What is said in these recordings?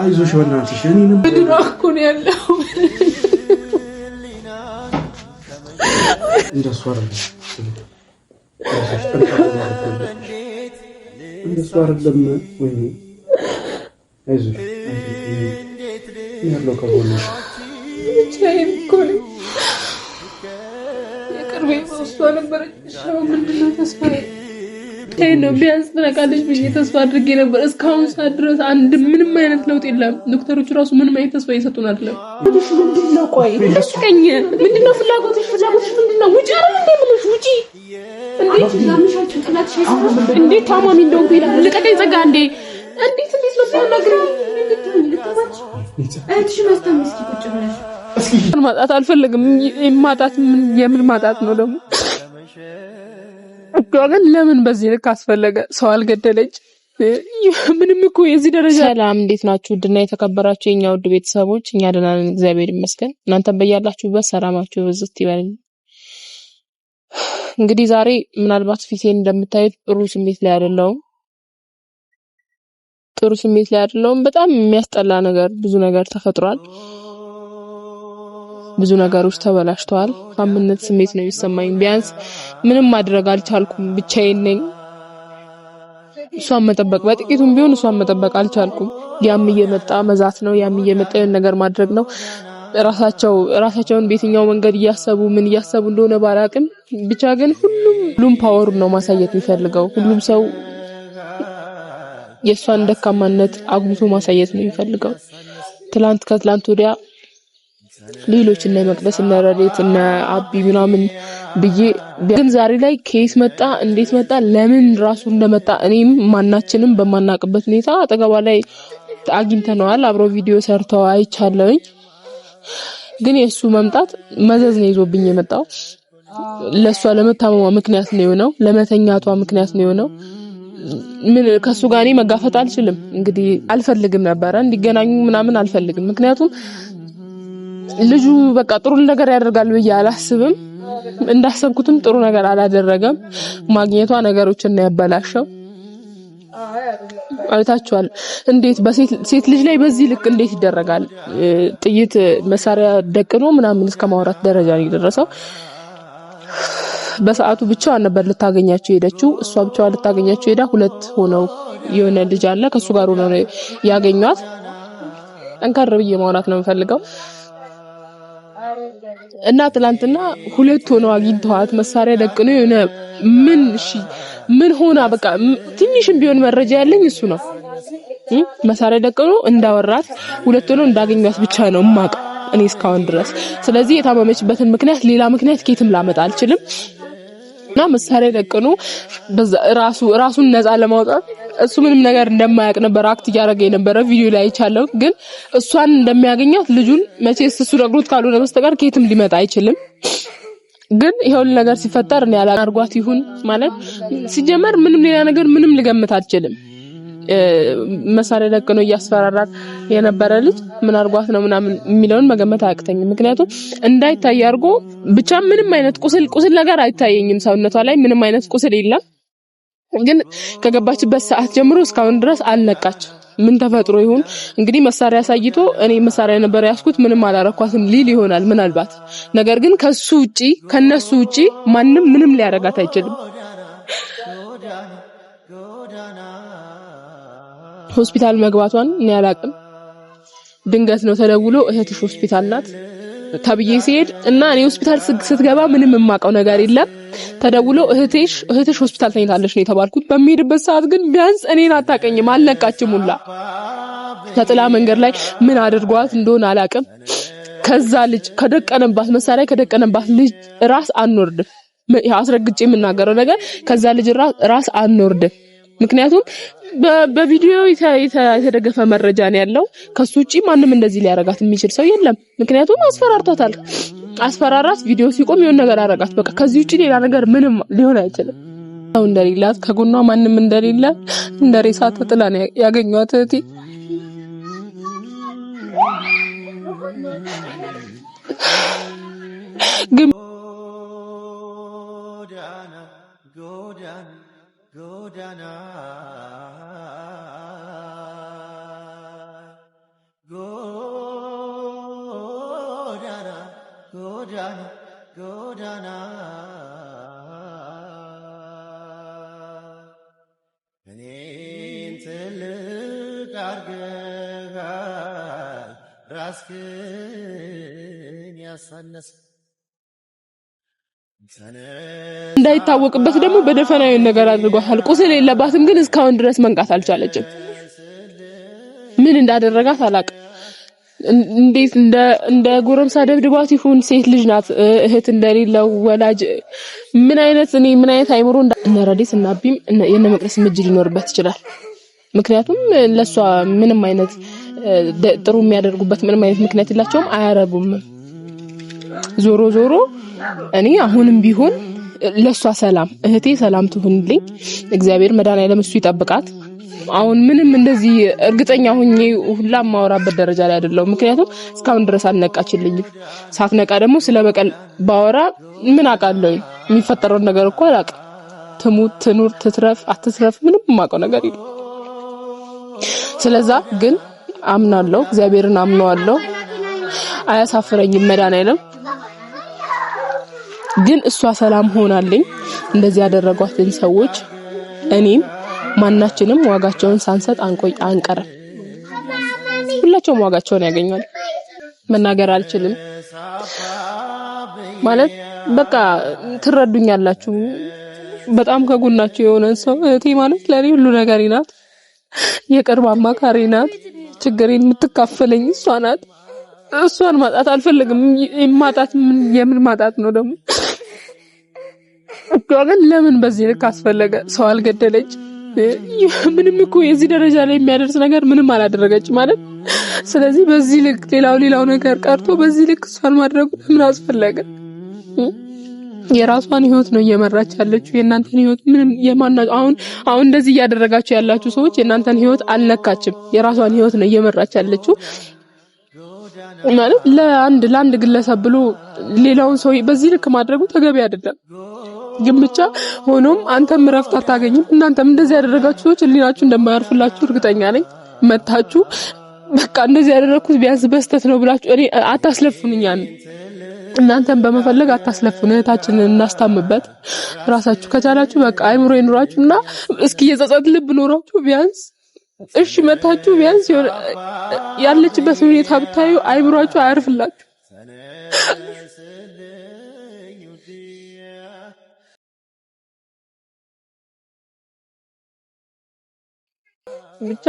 አይዞሽ በእናትሽ ድራኩን ያለው እንደሱ እንደሱ አይደለም ወይ? አይዞሽ ያለው ከጎንሽ ብቻዬን እኮ ነኝ። የቅርቤ እሷ ነበረች። ምንድነው ተስፋዬ ይሄ ነው ቢያንስ ትነቃለች ብዬ ተስፋ አድርጌ ነበር። እስካሁን ሰዓት ድረስ አንድ ምንም አይነት ለውጥ የለም። ዶክተሮቹ ራሱ ምንም አይነት ተስፋ እየሰጡን አይደለም። ቆይ ምንድነው ፍላጎትሽ? ፍላጎትሽ ምንድነው? ውጪ ውጪ እንዴት ታማሚ እንደሆንኩ ይላል። ልቀቀኝ ጸጋ እንዴ! እንዴት እንዴት ነው ነገር ማጣት አልፈለግም። ማጣት የምን ማጣት ነው ደግሞ እጇ ግን ለምን በዚህ ልክ አስፈለገ? ሰው አልገደለች ምንም እኮ የዚህ ደረጃ። ሰላም እንዴት ናችሁ? ውድና የተከበራችሁ የእኛ ውድ ቤተሰቦች፣ እኛ ደህና ነን እግዚአብሔር ይመስገን። እናንተም በያላችሁበት ሰላማችሁ ብዝት ይበል። እንግዲህ ዛሬ ምናልባት ፊቴን እንደምታዩት ጥሩ ስሜት ላይ አይደለሁም። ጥሩ ስሜት ላይ አይደለሁም። በጣም የሚያስጠላ ነገር ብዙ ነገር ተፈጥሯል። ብዙ ነገሮች ተበላሽተዋል። አምነት ስሜት ነው የሚሰማኝ። ቢያንስ ምንም ማድረግ አልቻልኩም፣ ብቻዬን ነኝ። እሷን መጠበቅ በጥቂቱም ቢሆን እሷን መጠበቅ አልቻልኩም። ያም እየመጣ መዛት ነው፣ ያም እየመጣ የሆነ ነገር ማድረግ ነው። ራሳቸው ራሳቸውን በየትኛው መንገድ እያሰቡ ምን እያሰቡ እንደሆነ ባላቅም፣ ብቻ ግን ሁሉም ሁሉም ፓወሩን ነው ማሳየት የሚፈልገው። ሁሉም ሰው የእሷን ደካማነት አጉልቶ ማሳየት ነው የሚፈልገው። ትላንት ከትላንት ወዲያ ሌሎች እነ መቅደስ እነ ረዴት እነ አቢ ምናምን ብዬ ግን ዛሬ ላይ ከየት መጣ እንዴት መጣ ለምን ራሱ እንደመጣ እኔም ማናችንም በማናቅበት ሁኔታ አጠገቧ ላይ አግኝተነዋል። አብሮ ቪዲዮ ሰርተው አይቻለውኝ። ግን የእሱ መምጣት መዘዝ ነው ይዞብኝ የመጣው። ለእሷ ለመታመሟ ምክንያት ነው የሆነው። ለመተኛቷ ምክንያት ነው የሆነው። ምን ከሱ ጋር እኔ መጋፈጥ አልችልም። እንግዲህ አልፈልግም ነበረ እንዲገናኙ ምናምን አልፈልግም። ምክንያቱም ልጁ በቃ ጥሩ ነገር ያደርጋል ብዬ አላስብም። እንዳሰብኩትም ጥሩ ነገር አላደረገም። ማግኘቷ ነገሮችን ነው ያበላሸው። አይታችኋል። እንዴት በሴት ልጅ ላይ በዚህ ልክ እንዴት ይደረጋል? ጥይት መሳሪያ ደቅኖ ምናምን እስከ ማውራት ደረጃ ነው የደረሰው። በሰዓቱ ብቻዋን ነበር ልታገኛቸው ሄደችው። እሷ ብቻዋን ልታገኛቸው ሄዳ ሁለት ሆነው የሆነ ልጅ አለ ከእሱ ጋር ሆነው ያገኟት። ጠንከር ብዬ ማውራት ነው የምፈልገው። እና ትላንትና ሁለት ሆኖ አግኝተዋት መሳሪያ ደቅኖ የሆነ ምን እሺ፣ ምን ሆና በቃ ትንሽም ቢሆን መረጃ ያለኝ እሱ ነው። መሳሪያ ደቅኖ እንዳወራት ሁለት ሆኖ እንዳገኘት ብቻ ነው ማቅ እኔ እስካሁን ድረስ። ስለዚህ የታመመችበትን ምክንያት ሌላ ምክንያት ኬትም ላመጣ አልችልም። እና መሳሪያ ደቅኖ ራሱ ራሱን ነፃ ለማውጣት እሱ ምንም ነገር እንደማያውቅ ነበር አክት እያደረገ የነበረ ቪዲዮ ላይ አይቻለሁ። ግን እሷን እንደሚያገኛት ልጁን መቼስ እሱ ነግሮት ካልሆነ በስተቀር ከየትም ሊመጣ አይችልም። ግን ይሄውን ነገር ሲፈጠር እኔ አላርጓት ይሁን ማለት ሲጀመር ምንም ሌላ ነገር ምንም ልገምት አልችልም። መሳሪያ ለቅኖ እያስፈራራት የነበረ ልጅ ምን አርጓት ነው ምናምን የሚለውን መገመት አያቅተኝም። ምክንያቱም እንዳይታይ አድርጎ ብቻ ምንም አይነት ቁስል ቁስል ነገር አይታየኝም። ሰውነቷ ላይ ምንም አይነት ቁስል የለም። ግን ከገባችበት ሰዓት ጀምሮ እስካሁን ድረስ አልነቃች። ምን ተፈጥሮ ይሁን እንግዲህ መሳሪያ አሳይቶ እኔ መሳሪያ ነበር ያስኩት ምንም አላረኳትም ሊል ይሆናል ምናልባት። ነገር ግን ከሱ ውጪ ከነሱ ውጪ ማንም ምንም ሊያረጋት አይችልም። ሆስፒታል መግባቷን እኔ አላቅም። ድንገት ነው ተደውሎ እህትሽ ሆስፒታል ናት ተብዬ ሲሄድ እና እኔ ሆስፒታል ስትገባ ምንም የማውቀው ነገር የለም። ተደውሎ እህትሽ እህትሽ ሆስፒታል ተኝታለች ነው የተባልኩት። በሚሄድበት ሰዓት ግን ቢያንስ እኔን አታቀኝም፣ አልነቃችም ሁላ ተጥላ መንገድ ላይ ምን አድርጓት እንደሆነ አላቅም። ከዛ ልጅ ከደቀነባት መሳሪያ ከደቀነባት ልጅ ራስ አንወርድም። አስረግጬ የምናገረው ነገር ከዛ ልጅ ራስ አንወርድም። ምክንያቱም በቪዲዮ የተደገፈ መረጃ ነው ያለው። ከሱ ውጪ ማንም እንደዚህ ሊያረጋት የሚችል ሰው የለም። ምክንያቱም አስፈራርቷታል። አስፈራራት። ቪዲዮ ሲቆም የሆነ ነገር አረጋት። በቃ ከዚህ ውጭ ሌላ ነገር ምንም ሊሆን አይችልም። ሰው እንደሌላት ከጎኗ ማንም እንደሌለ እንደ ሬሳ ተጥላ ነው ያገኟት እህቴ ግን ጎዳና ጎዳና ጎዳና ጎዳና እኔን ትልቅ አርገሃል ራስክን ያሳነስ እንዳይታወቅበት ደግሞ በደፈናዊ ነገር አድርጓታል። ቁስል የለባትም፣ ግን እስካሁን ድረስ መንቃት አልቻለችም። ምን እንዳደረጋት አላቅም። እንዴት እንደ ጎረምሳ ደብድባት ይሁን። ሴት ልጅ ናት፣ እህት እንደሌለው ወላጅ ምን አይነት እኔ ምን አይነት አይምሮ እነ ረዴት እና ቢም የነ መቅደስ እጅ ሊኖርበት ይችላል። ምክንያቱም ለእሷ ምንም አይነት ጥሩ የሚያደርጉበት ምንም አይነት ምክንያት የላቸውም፣ አያረጉም። ዞሮ ዞሮ እኔ አሁንም ቢሆን ለእሷ ሰላም እህቴ ሰላም ትሁንልኝ። እግዚአብሔር መድኃኒዓለም እሱ ይጠብቃት። አሁን ምንም እንደዚህ እርግጠኛ ሁኜ ሁላ ማወራበት ደረጃ ላይ አይደለሁ ምክንያቱም እስካሁን ድረስ አልነቃችልኝም። ሳትነቃ ደግሞ ስለ በቀል ባወራ ምን አውቃለሁ? የሚፈጠረውን ነገር እኮ አላውቅም። ትሙት፣ ትኑር፣ ትትረፍ፣ አትትረፍ ምንም የማውቀው ነገር የለም። ስለዛ ግን አምናለሁ፣ እግዚአብሔርን አምነዋለሁ። አያሳፍረኝም መድኃኒዓለም ግን እሷ ሰላም ሆናለኝ። እንደዚህ ያደረጓትን ሰዎች እኔም ማናችንም ዋጋቸውን ሳንሰጥ አንቆይ አንቀርም። ሁላቸውም ዋጋቸውን ያገኛል። መናገር አልችልም ማለት በቃ ትረዱኛላችሁ። በጣም ከጎናችሁ የሆነን ሰው እህቴ ማለት ለኔ ሁሉ ነገሬ ናት። የቅርብ አማካሪ ናት። ችግሬን የምትካፈለኝ እሷ ናት። እሷን ማጣት አልፈልግም። ማጣት የምን ማጣት ነው ደግሞ? እኮ ግን ለምን በዚህ ልክ አስፈለገ? ሰው አልገደለች፣ ምንም እኮ የዚህ ደረጃ ላይ የሚያደርስ ነገር ምንም አላደረገች ማለት። ስለዚህ በዚህ ልክ ሌላው ሌላው ነገር ቀርቶ በዚህ ልክ እሷን ማድረጉ ለምን አስፈለገ? የራሷን ህይወት ነው እየመራች ያለችው። የእናንተን ህይወት ምንም የማና አሁን አሁን እንደዚህ እያደረጋችሁ ያላችሁ ሰዎች የእናንተን ህይወት አልነካችም። የራሷን ህይወት ነው እየመራች ያለችው። ማለት ለአንድ ለአንድ ግለሰብ ብሎ ሌላውን ሰው በዚህ ልክ ማድረጉ ተገቢ አይደለም። ግን ብቻ ሆኖም አንተም እረፍት አታገኝም። እናንተም እንደዚህ ያደረጋችሁ ሰዎች ሕሊናችሁ እንደማያርፍላችሁ እርግጠኛ ነኝ። መታችሁ በቃ እንደዚህ ያደረግኩት ቢያንስ በስተት ነው ብላችሁ እኔ አታስለፉንኛ እናንተን በመፈለግ አታስለፉን። እህታችንን እናስታምበት። ራሳችሁ ከቻላችሁ በቃ አይምሮ ይኑራችሁ እና እስኪ የጸጸት ልብ ኖራችሁ ቢያንስ እሺ መታችሁ ቢያንስ ያለችበት ሁኔታ ብታዩ አይምሯችሁ አያርፍላችሁ። ብቻ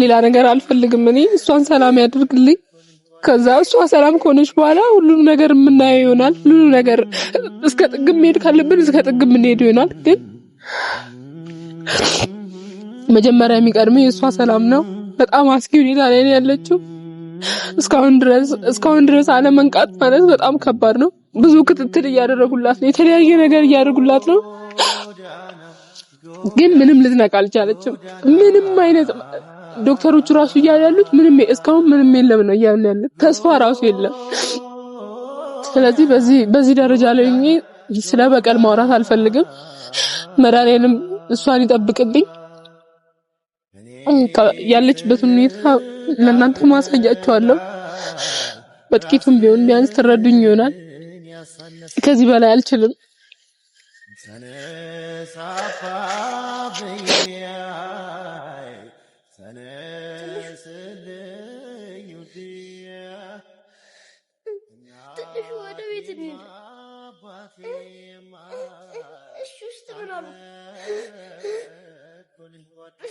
ሌላ ነገር አልፈልግም። እኔ እሷን ሰላም ያደርግልኝ። ከዛ እሷ ሰላም ከሆነች በኋላ ሁሉንም ነገር የምናየው ይሆናል። ሁሉ ነገር እስከ ጥግም መሄድ ካለብን እስከ ጥግም የምንሄድ ይሆናል ግን መጀመሪያ የሚቀድመው የእሷ ሰላም ነው። በጣም አስጊ ሁኔታ ላይ ነው ያለችው። እስካሁን ድረስ እስካሁን ድረስ አለመንቃት ማለት በጣም ከባድ ነው። ብዙ ክትትል እያደረጉላት ነው። የተለያየ ነገር እያደረጉላት ነው፣ ግን ምንም ልትነቃ አልቻለችም። ምንም አይነት ዶክተሮቹ ራሱ እያሉ ያሉት ምንም እስካሁን ምንም የለም ነው እያሉ ያለ ተስፋ ራሱ የለም። ስለዚህ በዚህ በዚህ ደረጃ ላይ ስለ በቀል ማውራት አልፈልግም። መድኃኔዓለም እሷን ይጠብቅብኝ። ያለችበትን ሁኔታ ለእናንተ ማሳያችኋለሁ። በጥቂቱም ቢሆን ቢያንስ ትረዱኝ ይሆናል። ከዚህ በላይ አልችልም። ወደ ቤት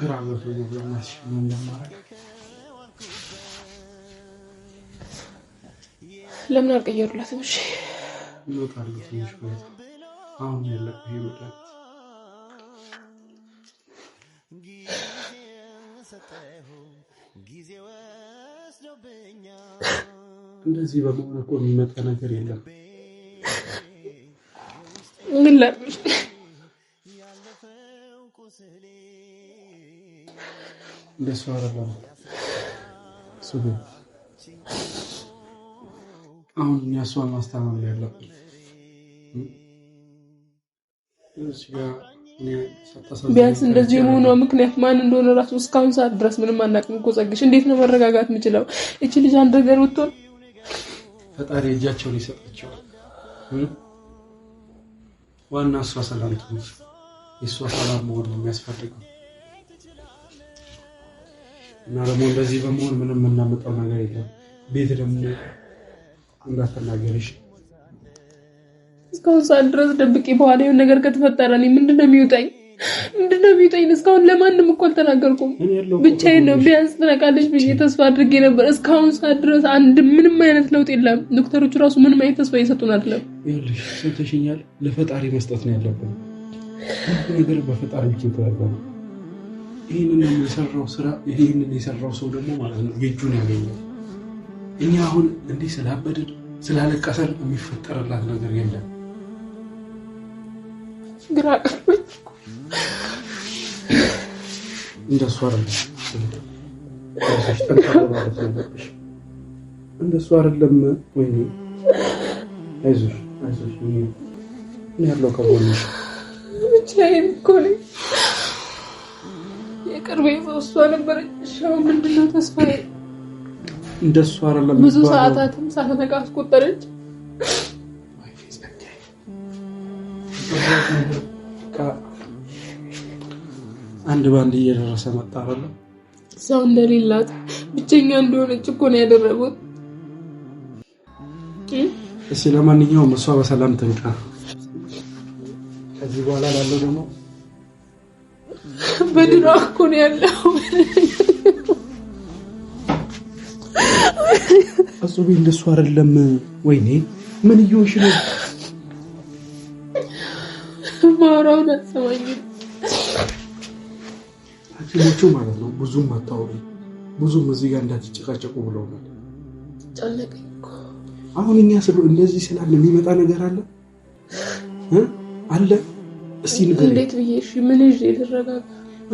ግራ ገብቶኝ ብለናሽ ምን እንደማረግ ለምን አልቀየሩላትም? እሺ ሎት አርግትሽ ቆይታ አሁን ያለብህ ይወጣል። እንደዚህ በመሆን እኮ የሚመጣ ነገር የለም። ምን ላድርግ እንደሱ አይደለም። እሱ ግን አሁን እኛ እሷን ማስተማመን ያለብን ቢያንስ እንደዚህ የሆነ ምክንያት ማን እንደሆነ ራሱ እስካሁን ሰዓት ድረስ ምንም አናውቅም እኮ ጸግሽ። እንዴት ነው መረጋጋት የምችለው? እቺ ልጅ አንድ ነገር ብትሆን ፈጣሪ እጃቸውን ይሰጣቸዋል። ዋና እሷ ሰላም ትሆን፣ የእሷ ሰላም መሆን ነው የሚያስፈልገው። እና ደግሞ እንደዚህ በመሆን ምንም የምናመጣው ነገር የለም። ቤት ደግሞ እንዳትናገርሽ እስካሁን ሰዓት ድረስ ደብቄ በኋላ የሆነ ነገር ከተፈጠረ እኔ ምንድን ነው የሚውጠኝ? ምንድን ነው የሚውጠኝ? እስካሁን ለማንም እኮ አልተናገርኩም። ብቻዬን ነው። ቢያንስ ትነቃለች ብዬ ተስፋ አድርጌ ነበር። እስካሁን ሰዓት ድረስ አንድ ምንም አይነት ለውጥ የለም። ዶክተሮቹ ራሱ ምንም አይነት ተስፋ እየሰጡን አይደለም። ይኸውልሽ፣ ሰምተሽኛል። ለፈጣሪ መስጠት ነው ያለብን። ሁሉ ነገር በፈጣሪ ብቻ ይህንን የሰራው ስራ ይህንን የሰራው ሰው ደግሞ ማለት ነው የእጁን ያገኘው። እኛ አሁን እንዲህ ስላበድን ስላለቀሰን የሚፈጠርላት ነገር የለም። ግራ እንደሱ እንደሱ አይደለም። ወይኔ አይዞሽ አይዞሽ፣ ያለው ከጎንሽ ብቻዬን እኮ ነኝ የቅርቤ እሷ ነበረች። እሻው ምንድነው ተስፋዬ? እንደሱ አይደለም። ብዙ ሰዓታትም ሳትነቃ አስቆጠረች። አንድ ባንድ እየደረሰ መጣ። አይደለም ሰው እንደሌላት ብቸኛ እንደሆነች እኮ ነው ያደረጉት። እስኪ ለማንኛውም እሷ በሰላም ትንቃ። ከዚህ በኋላ ላለው ደግሞ በድሮ እኮ ነው ያለው። አጹቤ እንደሱ አይደለም። ወይኔ ምን እየሆንሽ ነው? ማውራውን አትሰማኝም። ሐኪሞቹ ማለት ነው ብዙም አታውሪ፣ ብዙም እዚህ ጋር እንዳትጨቃጨቁ ብለውናል። ጨነቀኝ እኮ አሁን እኛ ስለ እንደዚህ ስላለ የሚመጣ ነገር አለ አለ። እስቲ ንገሪኝ፣ እንዴት ብዬሽ ምን ልረጋጋ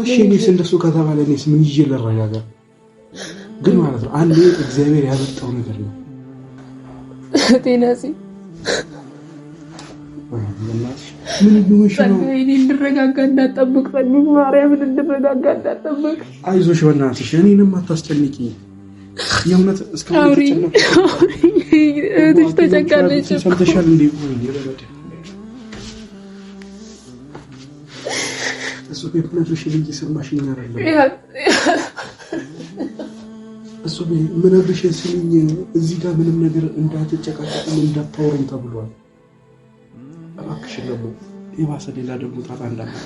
እሺ እኔስ እንደሱ ከተባለ እኔስ ምን ይዤ ልረጋገር? ግን ማለት ነው አንዴ እግዚአብሔር ያበጣው ነገር ነው። ጤናሲ ምን ይሁንሽ ነው እንድረጋጋ እንዳጠብቅ ፈልግ ማርያምን እንድረጋጋ እንዳጠብቅ። አይዞሽ በእናትሽ እኔንም አታስጨንቂ። የእውነት እስከ ተጨንቃለች። ሰምተሻል እንዴ? የምነግርሽን እየሰማሽኝ አይደለም። እሱ የምነግርሽን ስልኝ እዚህ ጋር ምንም ነገር እንዳትጨቃጨቅም እንዳታወረኝ ተብሏል። እባክሽን ደግሞ የባሰ ሌላ ደግሞ ጣጣ እንዳመጣ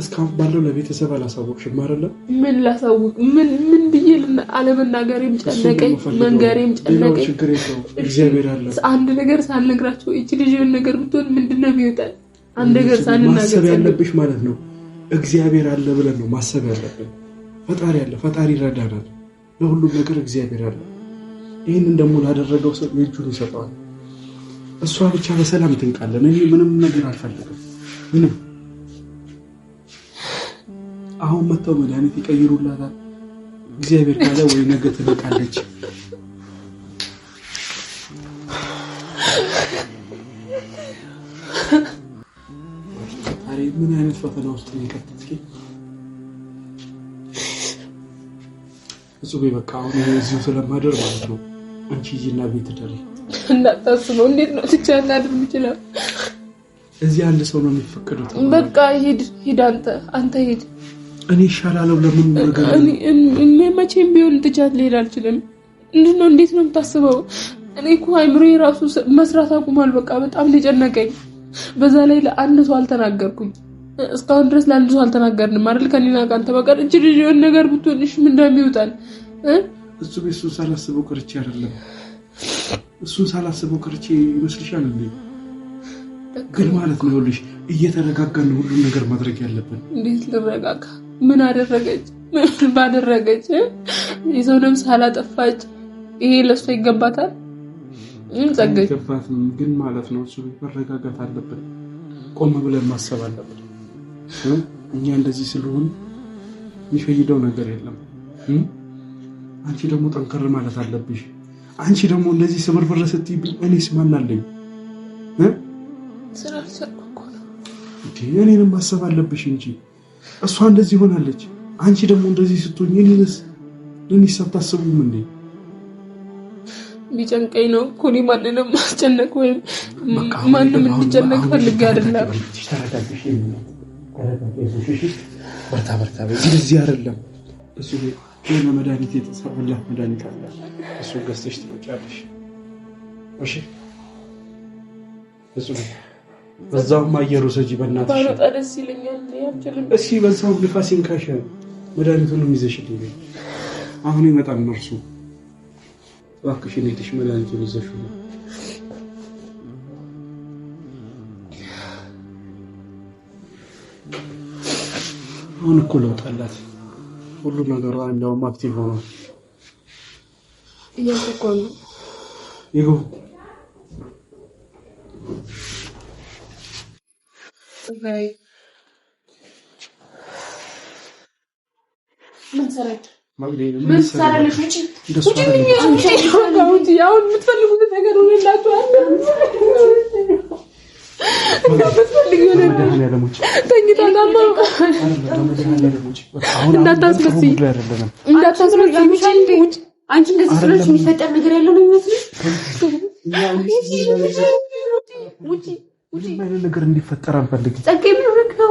እስካሁን ባለው ለቤተሰብ አላሳወቅሽም አይደለም? ምን ላሳውቅ? ምን ምን ብዬ አለመናገሬም ጨነቀኝ፣ መንገሬም ጨነቀኝ። ችግር የለውም እግዚአብሔር አለ። አንድ ነገር ሳልነግራቸው ይቺ ልጅ ነገር ብትሆን ምንድን ነው ማሰብ ያለብሽ ማለት ነው እግዚአብሔር አለ ብለን ነው ማሰብ ያለብን። ፈጣሪ አለ፣ ፈጣሪ ይረዳናል። ለሁሉም ነገር እግዚአብሔር አለ። ይህንን ደግሞ ላደረገው ሰው እጁን ይሰጠዋል። እሷ ብቻ በሰላም ትንቃለን። እኔ ምንም ነገር አልፈልግም። ምንም አሁን መጥተው መድኃኒት ይቀይሩላታል። እግዚአብሔር ካለ ወይ ነገ ትበቃለች። ምን አይነት ፈተና ውስጥ ነው የከተትሽ? እጹቤ በቃ አሁን እዚሁ ስለማደር ማለት ነው። አንቺ ሂጂና ቤት ደሪ እንዳታስበው። እንዴት ነው ትቻ እናድር የምችለው? እዚህ አንድ ሰው ነው የሚፈቀዱት። በቃ ሂድ ሂድ፣ አንተ አንተ ሂድ። እኔ ይሻላለው። ለምን ነገር እኔ መቼም ቢሆን ትቻት ልሄድ አልችልም። እንዴት ነው እንዴት ነው የምታስበው? እኔ እኮ አይምሮ የራሱ መስራት አቁሟል። በቃ በጣም ሊጨነቀኝ በዛ ላይ ለአንድ ሰው አልተናገርኩኝ። እስካሁን ድረስ ለአንድ ሰው አልተናገርንም አይደል? ከኔና ከአንተ በቀር እች ልጅ የሆነ ነገር ብትሆንሽ ምን እንደሚውጣል እሱ ቤት እሱን ሳላስበው ቀርቼ አይደለም። እሱን ሳላስበው ቀርቼ ይመስልሻል እንዴ? ግን ማለት ነው ይኸውልሽ፣ እየተረጋጋን ሁሉን ነገር ማድረግ ያለብን። እንዴት ልረጋጋ? ምን አደረገች? ምን ባደረገች? የሰው ነፍስ አላጠፋች። ይሄ ለእሷ ይገባታል። ይገባትም ግን ማለት ነው። እሱ መረጋጋት አለብን። ቆም ብለን ማሰብ አለብን። እኛ እንደዚህ ስለሆን የሚፈይደው ነገር የለም። አንቺ ደግሞ ጠንከር ማለት አለብሽ። አንቺ ደግሞ እንደዚህ ስብርብር ስትይብኝ እኔስ ማን አለኝ? እኔንም ማሰብ አለብሽ እንጂ እሷ እንደዚህ ሆናለች። አንቺ ደግሞ እንደዚህ ስትሆኝ እኔንስ ልንሳብ ታስቡም እንዴ? ሊጨንቀኝ ነው እኮ እኔ ማንንም ማስጨነቅ ወይም ማንም እንዲጨነቅ ፈልጌ አይደለም። በርታ በርታ፣ እንደዚህ አይደለም። እሱ የሆነ መድኃኒት የተጻፈላት መድኃኒት አለ። እሱ ገዝተሽ ትወጫለሽ። እሺ፣ እሱ በዛውም አየሩ ሰጂ በእናትሽ እሺ፣ በዛውም ንፋስ ይንካሽ። መድኃኒቱንም ይዘሽልኝ። አሁን ይመጣል ነርሱ እባክሽን ሄደሽ መድኃኒቱን ይዘሽ ነው። አሁን እኮ ለውጥ አላት። ሁሉ ነገሯ እንዲያውም አክቲቭ ሆኗል። እያጠቋም ይሁ ምን ሰራችሁ? አንቺ እንደዚህ ስለሆነች የሚፈጠር ነገር ያለው ነው የሚመስልሽ? ምንም አይነት ነገር እንዲፈጠር አንፈልግም። ጸጋ ምን ሆነክ ነው?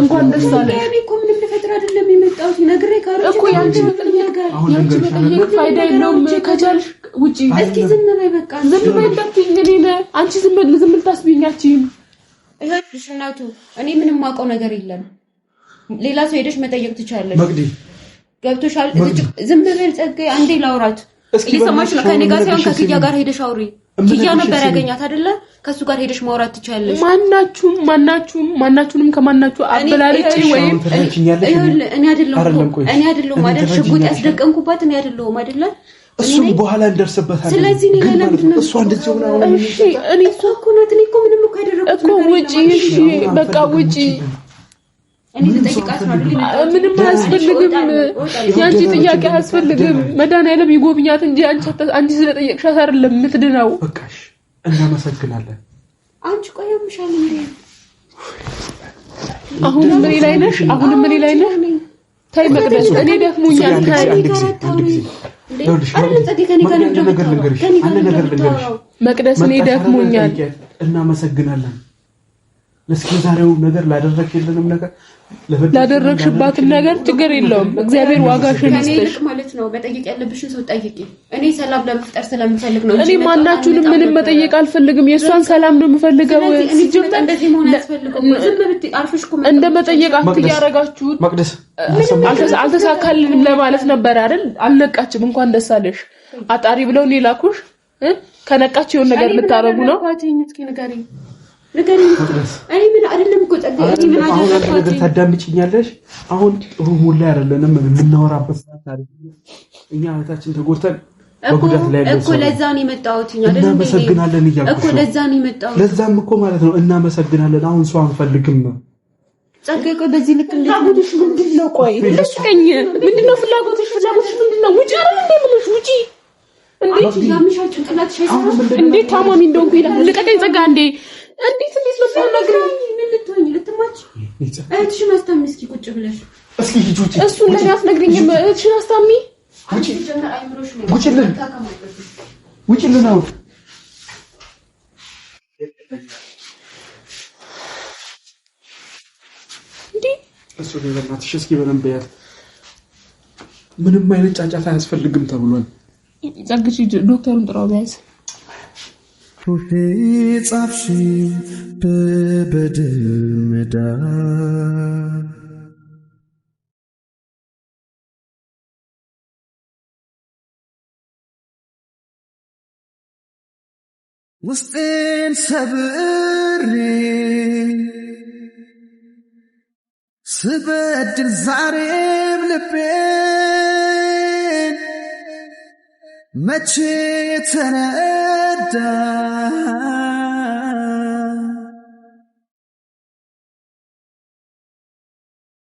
እንኳን ደስ አለ እኮ ምንም ልፈጥር አይደለም የመጣሁት ነግሬ ካሮች እኮ ያንቺ መጠየቅ ያንቺ መጠየቅ ፋይዳ የለውም። ከቻልሽ ውጪ እስኪ ዝም በይ በቃ ዝም በይ በቃ እንግዲህ ነ አንቺ ዝም በል ዝም ልታስቢኛችም እህትሽ እናቱ እኔ ምንም ማውቀው ነገር የለም። ሌላ ሰው ሄደሽ መጠየቅ ትችላለሽ። መቅዲ ገብቶሻል። ዝም በል ጸጋዬ፣ አንዴ ላውራት እየሰማሽ ነው። ከኔ ጋር ሳይሆን ከክያ ጋር ሄደሽ አውሪ ኪያ ነበር ያገኛት አይደለ? ከሱ ጋር ሄደሽ ማውራት ትቻለሽ። ማናችሁም ማናችሁም ማናችሁንም ከማናችሁ አበላለች ወይም እኔ አይደለሁም እኔ አይደለሁም አይደል? ሽጉጥ ያስደቀንኩባት እኔ አይደለሁም አይደለ? እሱም በኋላ እንደርሰበታለን። ስለዚህ እኔ ለምንድን ነው እሷ እንደዚህ ሆነ? እሺ እኔ እሷ እኮ ናት። እኔ እኮ ምንም እኮ ያደረኩት እኮ ውጪ። እሺ በቃ ውጪ ምንም አያስፈልግም። የአንቺ ጥያቄ አያስፈልግም። መድኃኒዓለም ይጎብኛት እንጂ አንቺ ስለጠየቅሻት አይደለም የምትድነው። በቃሽ። እናመሰግናለን። አንቺ ቆየምሻል ምሻል እንዴ? አሁንም እኔ ላይ ነሽ። አሁን እኔ ላይ ነሽ። ታይ መቅደስ፣ እኔ ደክሞኛል። ታይ መቅደስ፣ እኔ ደክሞኛል። እናመሰግናለን እስከ ነገር ነገር የለንም ነገር ላደረግሽባትን ነገር ችግር የለውም። እግዚአብሔር ዋጋሽን ይስጥሽ ማለት ነው። መጠየቅ ያለብሽን ሰው ጠይቂ። እኔ ሰላም ለመፍጠር ስለምፈልግ ነው። እኔ ማናችሁንም ምንም መጠየቅ አልፈልግም። የእሷን ሰላም ነው የምፈልገው። እንደ መጠየቅ አትያረጋችሁት። አልተሳካልንም ለማለት ነበር አይደል? አልነቃችም። እንኳን ደስ አለሽ አጣሪ ብለው እኔ ላኩሽ። ከነቃች የሆነ ነገር ልታረጉ ነው ነገር ታዳምጪኛለሽ? አሁን ጥሩ ሙላ አይደለንም የምናወራበት ሰዓት እኛ እህታችን ተጎድተን በጉዳት ላይ እኮ ለዛ ነው የመጣሁት። እናመሰግናለን እያልኩ ለዛ ነው የመጣሁት። ለዛም እኮ ማለት ነው እናመሰግናለን። አሁን ሰው አንፈልግም። ጸጋዬ፣ ቆይ በዚህ ልክ ፍላጎትሽ ምንድን ነው? ቆይ ምንድን ነው ፍላጎትሽ? ፍላጎትሽ ምንድን ነው? ውጪ! ውጪ እንዴት ታማሚ እንደሆንኩ ይላል። ልቀቀኝ ጸጋ። እንዴ እንዴት እንዴት ነው የምትነግረኝ? እህትሽን አስታሚ እስኪ ቁጭ ብለሽ እስኪ ልጆች እሱን ለምን አትነግሪኝም? እህትሽን አስታሚ ውጭልን፣ ውጭልን አሁን እሱ በእናትሽ እስኪ በደንብ ያል ምንም አይነት ጫጫታ አያስፈልግም ተብሏል። ዶክተር ንጥሮቢያዝ ሩፌ ጻፍሽ በበድምዳ ውስጤን ሰብሬ ስበድል ዛሬም ልቤን መቼ ተነዳ